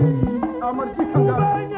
अमर की संघर्ष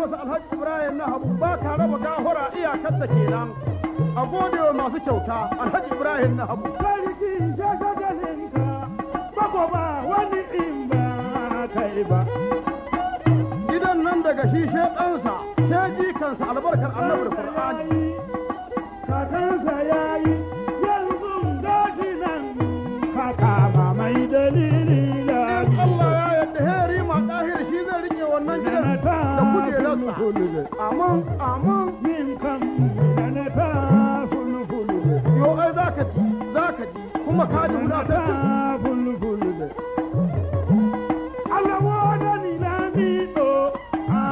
masa alhaji ibrahim na habu ba ka raba gahura iyakar da ke nan. a gode wa masu kyauta alhaji ibrahim na habu sarki jaga galinka bako ba wani in ba kai ba gidan nan daga shi shekansa sai jikansa albarkar annabar da kujerarsa amin amin yin kan da na ta fulfulu ai za ka ji kuma ka ji ne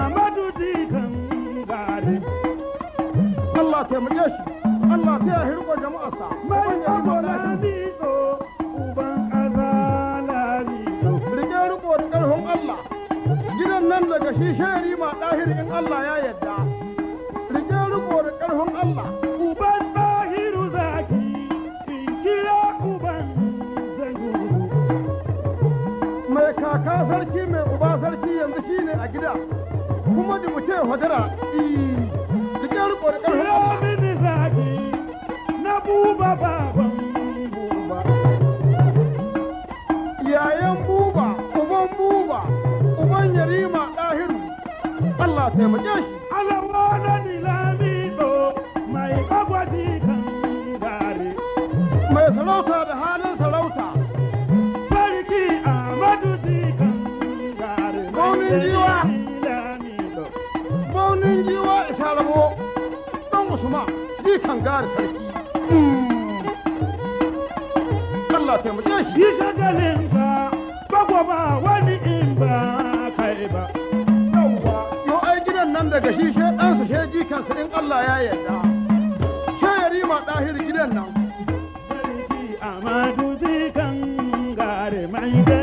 amadu Allah Allah ta ya hirgo jama'arsa nan daga shi shehri ma ɗahir in Allah ya yadda rike riko da ƙarfin Allah uban ɗahiru zaki in kira uban mai kaka sarki mai uba sarki yanzu shine a gida kuma da mutum hajara rike riko da ƙarfin Allah yarima ɗahiru Allah taimake shi Allah wada ni lamido mai agwadi kan gare mai sarauta da halin sarauta sarki Ahmadu kan gare maunin jiwa maunin jiwa sharabo dan Usman kan gare sarki Allah taimake shi shi shagalin ka bagwa ba wani in ba ya yarda ma ɗahir gidan nan Amadu zikan gare mai